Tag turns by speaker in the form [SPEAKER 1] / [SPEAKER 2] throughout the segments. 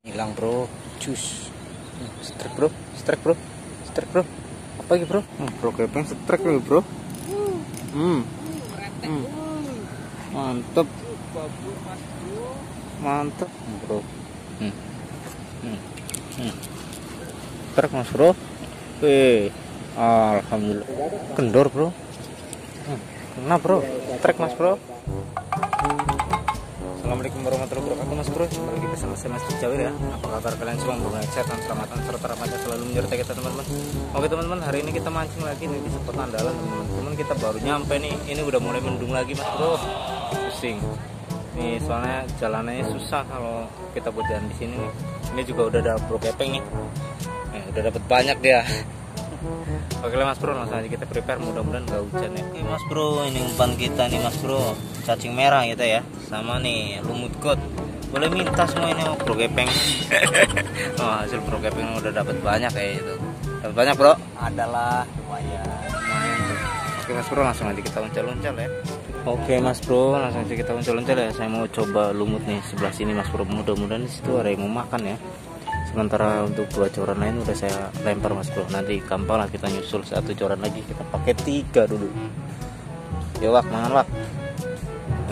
[SPEAKER 1] hilang bro cus strike bro strike bro strike bro apa lagi bro hmm, bro kepeng strike lagi bro hmm. hmm. mantep mantep hmm, bro hmm. hmm. Hmm. strike mas bro eh alhamdulillah kendor bro hmm. kenapa bro strike mas bro Assalamualaikum warahmatullahi wabarakatuh Mas Bro Kembali kita sama saya Mas Jawir ya Apa kabar kalian semua Semoga kesehatan, selamatan, serta rahmatnya selalu menyertai kita teman-teman Oke teman-teman hari ini kita mancing lagi nih di spot andalan teman-teman Kita baru nyampe nih Ini udah mulai mendung lagi Mas Bro Pusing Ini soalnya jalannya susah kalau kita buat jalan di sini nih Ini juga udah ada bro kepeng nih eh, Udah dapat banyak dia Oke lah Mas Bro langsung aja kita prepare mudah-mudahan gak hujan ya Oke Mas Bro ini umpan kita nih Mas Bro cacing merah gitu ya sama nih lumut god boleh minta semua ini mau bro gepeng oh, hasil bro gepeng udah dapat banyak ya itu dapat banyak bro adalah lumayan oke mas bro langsung aja kita loncat loncat ya oke mas bro langsung aja kita uncal-uncal ya saya mau coba lumut nih sebelah sini mas bro mudah-mudahan situ ada yang mau makan ya sementara untuk dua coran lain udah saya lempar mas bro nanti gampang lah kita nyusul satu coran lagi kita pakai tiga dulu yowak mangan wak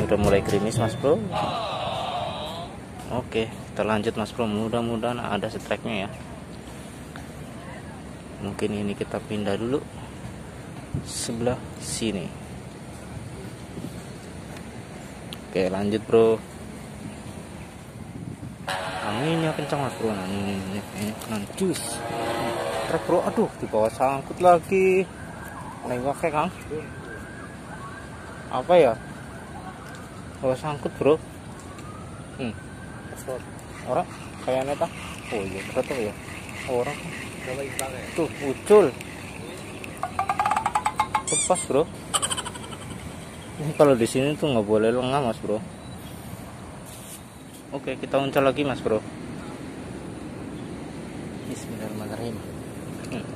[SPEAKER 1] udah mulai gerimis mas bro oke kita lanjut mas bro mudah-mudahan ada strike ya mungkin ini kita pindah dulu sebelah sini oke lanjut bro anu anginnya kencang mas bro anginnya kencang ini ini anu, bro aduh di bawah sangkut lagi nengok kang apa ya kalau sangkut bro. Hmm. Orang kayak neta, Oh iya betul ya. Orang. Ya. Tuh muncul. Lepas bro. Ini kalau di sini tuh nggak boleh lengah mas bro. Oke kita uncal lagi mas bro. Bismillahirrahmanirrahim. Hmm.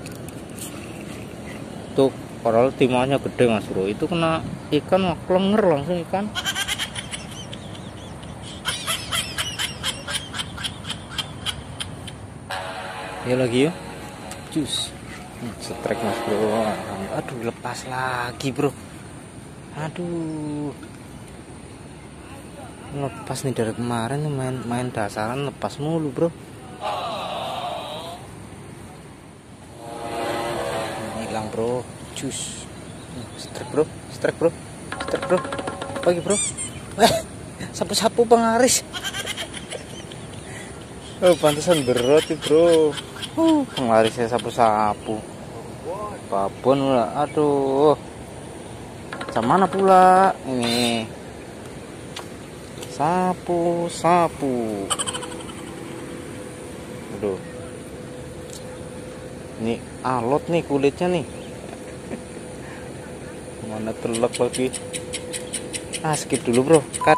[SPEAKER 1] Tuh koral timahnya gede mas bro. Itu kena ikan maklenger langsung ikan. ya lagi yuk jus hmm, setrek mas bro aduh lepas lagi bro aduh lepas nih dari kemarin main main dasaran lepas mulu bro hmm, hilang bro jus hmm, setrek bro setrek bro setrek bro pagi bro eh sapu-sapu pengaris oh pantesan berat nih bro Uh, penglarisnya sapu-sapu. Babon lah. Aduh. Macam mana pula ini? Sapu, sapu. Aduh. Ini alot nih kulitnya nih. Mana telek lagi? Ah, skip dulu, Bro. Cut.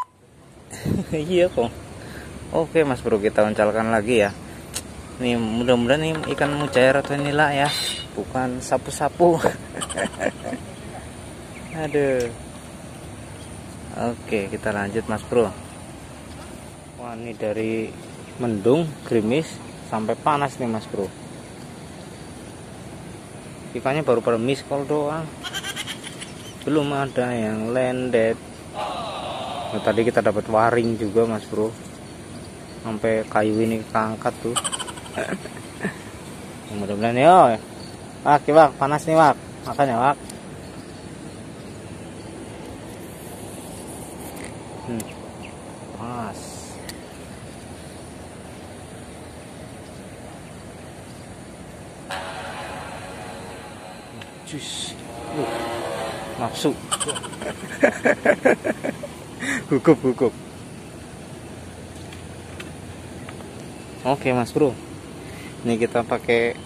[SPEAKER 1] iya, kok. Oke mas bro kita uncalkan lagi ya Nih mudah-mudahan nih ikan mujair atau nila ya Bukan sapu-sapu Aduh Oke kita lanjut mas bro Wah ini dari mendung gerimis sampai panas nih mas bro Ikannya baru pada miskol doang Belum ada yang landed nah, Tadi kita dapat waring juga mas bro sampai kayu ini keangkat tuh mudah-mudahan ya wak ya wak panas nih wak makan ya wak hmm. panas cus uh, nafsu hukup hukup oke mas bro ini kita pakai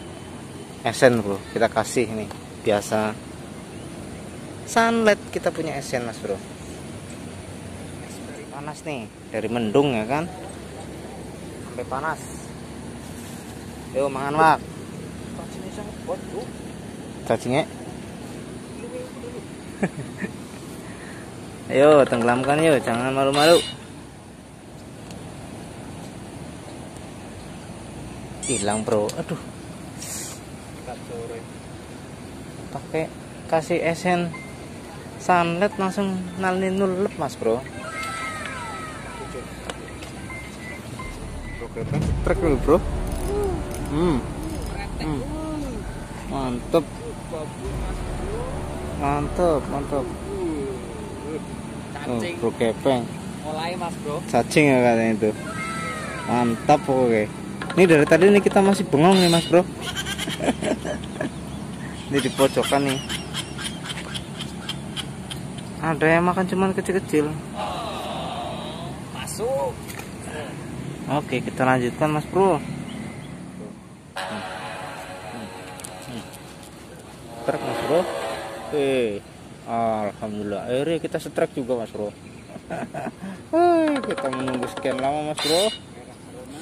[SPEAKER 1] esen bro kita kasih nih biasa sunlight kita punya esen mas bro panas nih dari mendung ya kan sampai panas yuk makan mak cacingnya ayo tenggelamkan yuk jangan malu-malu hilang bro aduh pakai kasih esen sunlight langsung nalni nulep mas bro
[SPEAKER 2] truk dulu bro hmm.
[SPEAKER 1] hmm. mantep mantep mantep oh, bro kepeng mulai mas bro cacing ya katanya itu mantap oke okay. Ini dari tadi nih kita masih bengong nih mas bro. ini di pojokan nih. Ada yang makan cuman kecil-kecil. masuk. Oke kita lanjutkan mas bro. Trek mas bro. Oke. Alhamdulillah. Akhirnya kita setrek juga mas bro. kita menunggu sekian lama mas bro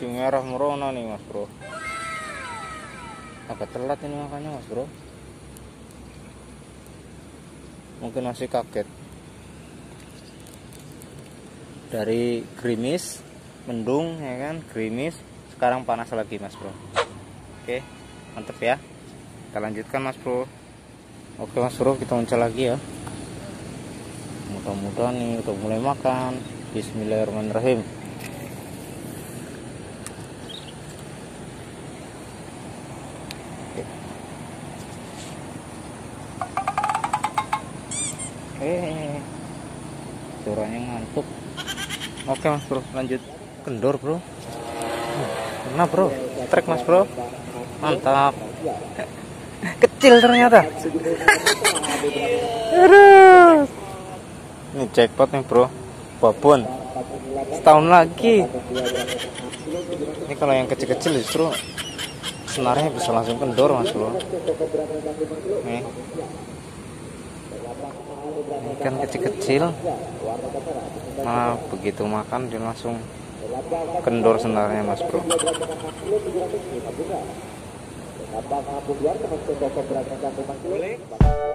[SPEAKER 1] baju merah merona nih mas bro agak telat ini makanya mas bro mungkin masih kaget dari gerimis mendung ya kan gerimis sekarang panas lagi mas bro oke mantep ya kita lanjutkan mas bro oke mas bro kita muncul lagi ya mudah-mudahan nih untuk mulai makan bismillahirrahmanirrahim Oke mas bro, lanjut kendor bro. Nah bro, trek mas bro, mantap. Kecil ternyata. Aduh. Ini jackpot nih bro, babon. Setahun lagi. Ini kalau yang kecil-kecil justru senarnya bisa langsung kendor mas bro. Nih ikan kan kecil-kecil nah begitu makan dia langsung kendor sebenarnya mas bro Apakah Abu Biar, teman-teman, berangkat ke rumah